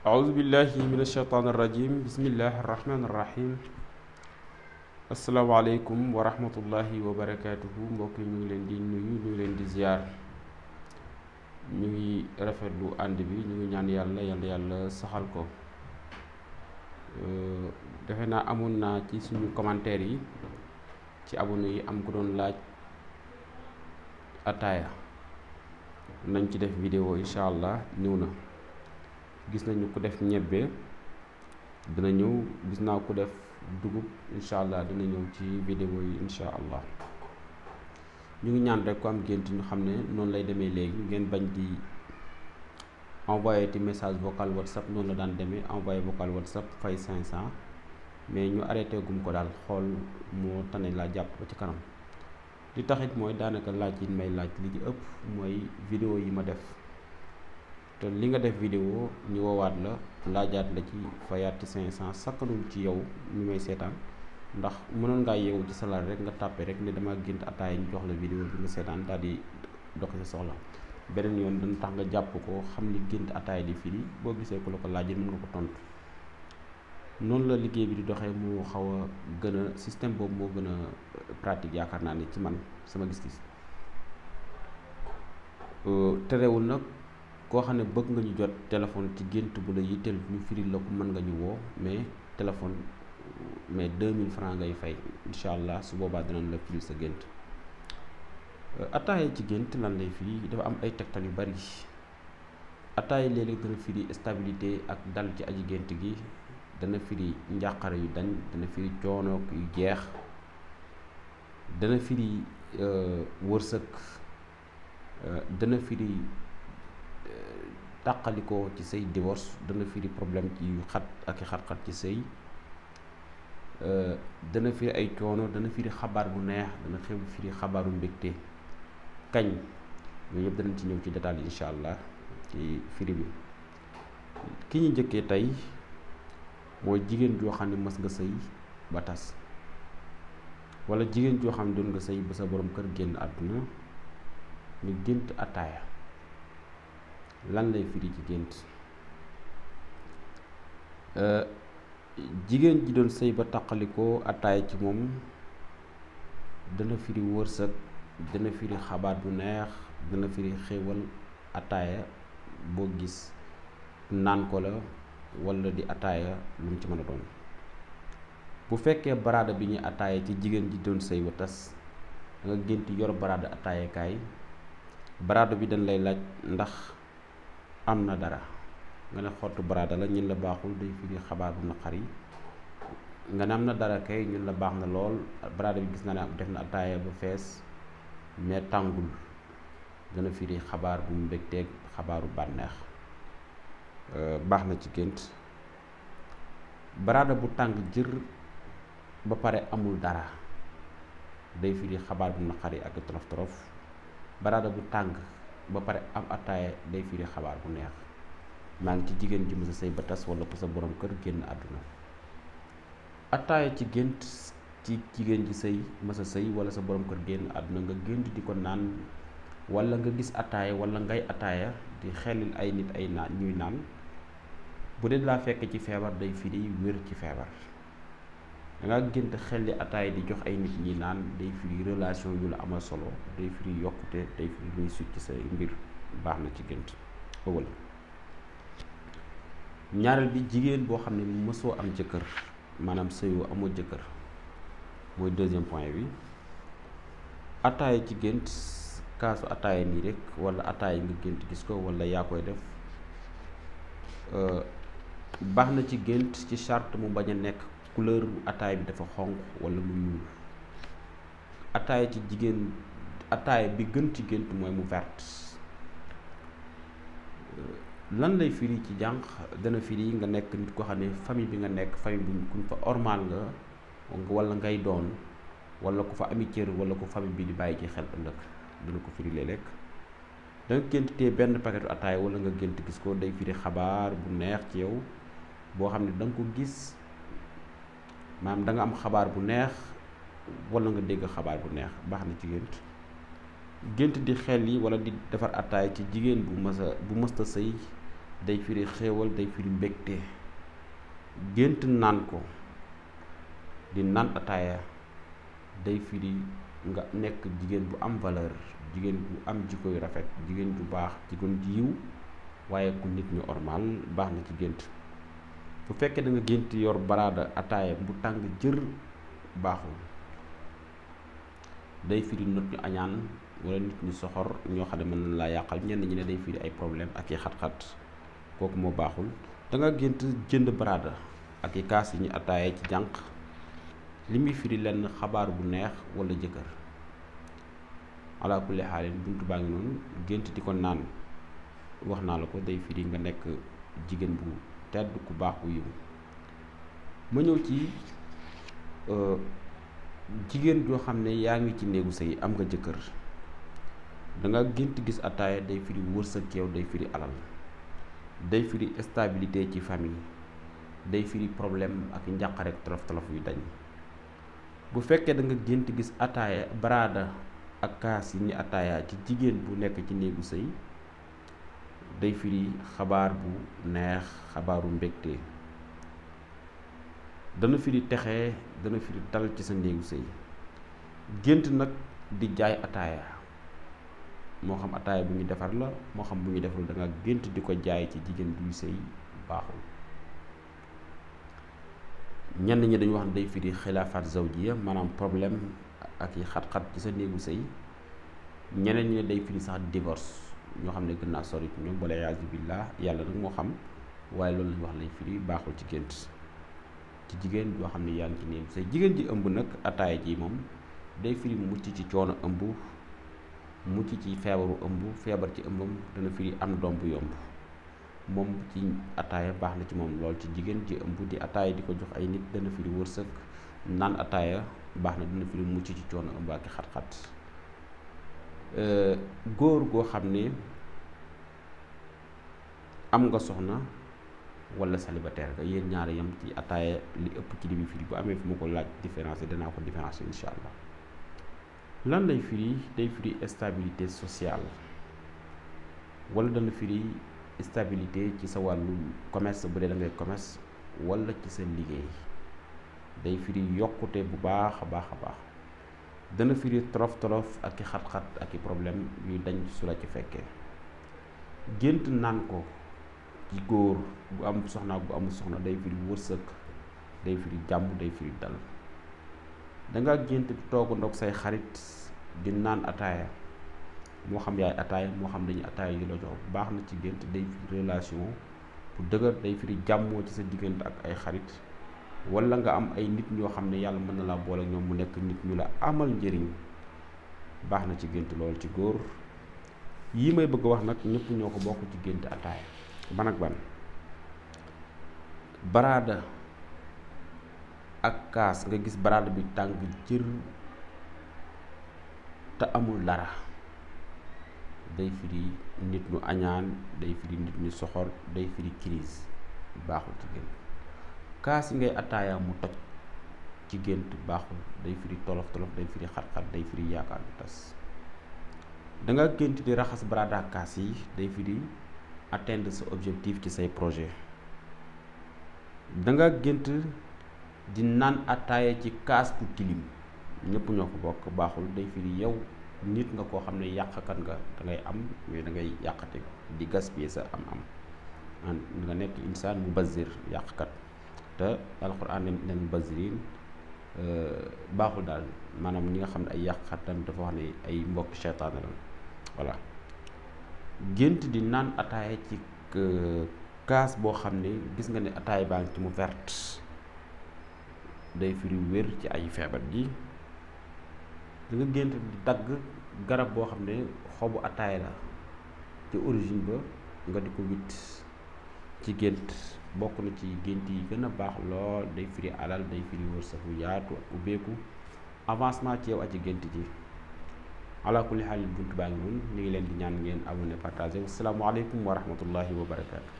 أعوذ بالله من الشيطان الرجيم بسم الله الرحمن الرحيم asalaamaaleykum wa rahmatullahi wa barakaatuhu mbokk yi ñu leen di nuyu ñu ngi leen di ziar ñu ngi lu ànd bi ñu ngi ñaan yàlla yàlla yàlla saxal ko euh, defe naa amoon naa ci suñu commentaire yi ci abonné yi am ku doon laaj ataaya nañ ci def vidéo incha allah ñëw na. gis nañu ko def ñebbe dina ñëw gis naa ko def dugub incha allah dina ñëw ci vidéo yi incha allah ñu ngi ñaan rek ku am gént ñu xam ne noonu lay demee léegi ngeen bañ di envoyé ti message vocal whatsapp noonu la daan demee envoyé vocal whatsapp fay 500 mais ñu arrêté gum ko daal xool moo tane laa jàpp ci kanam li taxit mooy daanaka laaj yi may laaj li ci ëpp mooy vidéo yi ma def. te li nga def vidéo ñu woowaat la laajaat la ci fayaat ci 500 sakkanul ci yow ñu may seetaan ndax mënoon ngaa yeewu ci salaire rek nga tàppe rek ne dama gént ataaya ñu jox la vidéo bi nga seetaan daal di doxi sa soxla beneen yoon dana tax nga jàpp ko xam ni gént ataaya di firi boo gisee ku la ko laajee mën nga ko tontu noonu la liggéey bi di doxee moo xaw a gën a système boobu moo gën a euh, pratique yaakaar naa ne ci man sama gis-gis euh, terewul nag. koo xam ne bëgg nga ñu jot téléphone ci gént bu la yitteel ñu firi la ko mën nga ñu woo mais téléphone mais 2000 francs ngay fay incha allah su boobaa dinañ la firi sa gént euh, attaaye ci gént lan lay firi dafa am ay tegtal yu bari attaaye léeg-léeg dana firi stabilité ak dal ci aji gént gi dana firi njàqare yu dañ dana firi coonook yu jeex dana firi euh, wërsëg euh, dana firi tàqalikoo ci sëy divorce dana firi problème ji yu xat ak i xat-xat ci sëy euh, dana firi ay coono dana firi xabaar bu neex dana xew firi xabaaru mbégte kañ yooyu yëpp danañ ci ñëw ci détail incha allah ci firi bi ki ñu njëkkee tey mooy jigéen joo xam ne mës nga sëy ba tas walla jigéen joo xam ne doon nga sëy ba sa boroom kër génn àdduna nga gént ataaya lan lay firi ci gént euh, jigéen ji doon sëy ba taqalikoo ataay ci moom dana firi wërsëg dana firi xabaar bu neex dana firi xéewal ataaya boo gis naan ko la walla di ataaya lu mu ci mën a doon bu fekkee baraada bi ñuy ataaya ci jigéen ji doon sëy ba tas da nga gént yor baraada ataayakaay baraada bi dañ lay laaj ndax am na dara nga ne xottu baraada la ñun la baaxul day firi xabaar bu naqar yi nga ne am na dara kay ñun la baax na lool baraada bi gis na ne def na ataaya bu fees mais tàngul dana firi xabaar bu mbégteeg xabaaru bànneex euh, baax na ci gént baraada bu tàng jër ba pare amul dara day firi xabaar bu naqar yi ak torof torof baraada bu tàng ba pare am attaaya day firi xabaar bu neex maa ngi ci jigéen ji mësa sëy ba tas wala ku sa borom kër génn àdduna attaaya ci gént ci jigéen ji sëy mësa sëy wala sa borom kër génn àdduna nga gént di ko naan walla nga gis attaaya wala ngay attaaya di xelil ay nit ay naan ñuy naan bu dee laa fekk ci feebar day firi wér ci feebar da ngaa gént xel li ataay di jox ay nit ñi naan day firi relation yu la amal solo day firi yokkute day firi réussite ci say mbir baax na ci gént ëwal ñaareel bi jigéen boo xam ne mësoo am jëkkër maanaam sëyoo amoo jëkkër mooy deuxième point bi ataay ci gént kaasu ataay nii rek wala ataay nga gént gis ko wala yaa koy def euh, baax na ci gént ci charte mu bañ a nekk couleur ataay bi dafa xonq wala mu ñuul ataay ci jigéen ataay bi gën ci gént mooy mu vert euh, lan lay firi ci jànq dana firi nga nekk nit ko xam ne famille bi nga nekk famille bu kuñ fa ormaal nga wala ngay doon wala ko fa ami cër wala ko famille bi di bàyyi ci xel ëllëg dana ko firi léeg-léeg da nga gént tee benn paquetu ataay wala nga gént gis ko day firi xabaar bu neex ci yow boo xam ne da ko gis maam danga am xabaar bu neex wala nga dégg xabaar bu neex baax na ci gént gént di xel yi wala di defar attaay ci jigéen bu mës a bu mësta sëy day firi xéewal day firi mbégte gént naan ko di naan ataaya day firi nga nekk jigéen bu am valeur jigéen bu am jikko yu rafet jigéen bu baax jigéen ji yiw waaye ku nit ñu ormal baax na ci gént bu fekkee danga gént yor baraada ataaya bu tàng jër baaxul day firi nit ñu añaan wala nit ñu soxor ñoo xam ne mën na laa yàqal ñenn ñi ne day firi ay problème ak i xat-xat kooku moo baaxul danga gént jënd baraada ak i kaas yi ñu ataaya ci jànq li muy firi lenn xabaar bu neex wala jëkkër ala kulli xaalin buntu baa ngi noonu gént di ko naan wax naa la ko day firi nga nekk jigéen bu tedd ku baax ku yiw ma ñëw ci euh, jigéen joo xam ne yaa ngi ci néegu sëy am nga jëkkër danga nga gént gis ataaya day firi wërsëg yow day firi alal day firi stabilité ci famille day firi problème ak njàqare tolof tolof yu dañ bu fekkee danga nga gént gis ataaya baraada ak kaas yi ñu ataaya ci jigéen bu nekk ci néegu sëy day firi xabaar bu neex xabaaru mbégte dana firi texe dana firi tal ci sa néegu sëy gént nag di jaay ataaya moo xam ataaya bu ñu defar la moo xam bu ñu defarul da nga gént di ko jaay ci jigéen duy sëy baaxul ñenn ñi dañu wax ne day firi xilaafaat zawjiya maanaam problème ak yi xat-xat ci sa néegu sëy ñeneen ñi ne day firi sax divorce ñoo xam ne gën naa sori ci ñoom wala yaasu billah yàlla nag moo xam waaye loolu lañ wax lañ firi baaxul ci gént ci jigéen joo xam ne yaa ngi ci néem say jigéen ji ëmb nag ataaya ji moom day firi mucc ci coono ëmb mucc ci feebaru ëmb feebar ci ëmbam dana firi am doom bu yomb moom ci ataaya baax na ci moom lool ci jigéen ji ëmb di ataaya di ko jox ay nit dana firi wërsëg naan ataaya baax na dana firi mucc ci coono ëmb ak xat-xat Euh, góor goo xam ne am nga soxna wala célibataire nga yéen ñaari yam ci ataaya li ëpp ci li muy bu amee fu ma ko laaj différence danaa ko différence incha allah lan lay firi day firi stabilité sociale wala dana firi stabilité ci sa wàllu commerce bu dee da ngay commerce wala ci sa liggéey day firi yokkute bu baax a baax a baax. dana firi tolof tolof ak i xat-xat ak i problème yuy dañ su la ci fekkee gént naan ko ci góor bu am soxna bu amul soxna day firi wërsëg day firi jàmm day firi dal danga gént toogu ndox say xarit di naan ataaya moo xam yaay ataaya moo xam dañuy ataaya yu la jox baax na ci gént day firi relation bu dëgër day firi jàmmoo ci sa diggante ak ay xarit wala nga am ay nit ñoo xam ne yàlla mën na laa boole ñoom mu nekk nit ñu la amal njariñ baax na ci gént lool ci góor yi may bëgg wax nag ñëpp ñoo ko bokk ci gént ataaya ban ak ban baraada ak kaas nga gis baraada bi tàng jër te amul dara day firi nit ñu añaan day firi nit ñu soxor day firi crise baaxul ci gént kaas yi ngay attaayaa mu toj ci gént baaxul day firi tolof tolof day firi xat-xat day firi yaakaar bu tas danga gént di raxas barada kaas yi day firi atteindre sa objectif ci say projet da nga gént di naan attaaya ci kaas bu tilim ñëpp ñoo ko bokk baaxul day firi yow nit nga koo xam ne yàqkat nga da ngay am mais da ngay yàqate di gaspiller sa am am nga nekk insaan mubazzir yàqkat te alquran ne minal mubazirin euh, baaxul daal maanaam ñi nga xam ne ay yàqkat tamit dafa wax ne ay mbokk seytaane la voilà gént di naan ataaya ci euh, kaas boo xam ne gis nga ne ataaya baa ngi ci mu verte day firi wér ci ay feebar ji da nga gént di dagg garab boo xam ne xobu ataaya la ci origine ba nga di ko witt ci gént bokk na ci gént yi gën a baax lool day firi alal day firi wërsëg bu yaatu ubbeeku avancement ci yow ci gént ji ala kulli bunt baa ngi noonu ñu ngi leen di ñaan ngeen abonné partagé wasalaamualeykum wa rahmatullahi wa barakaatu.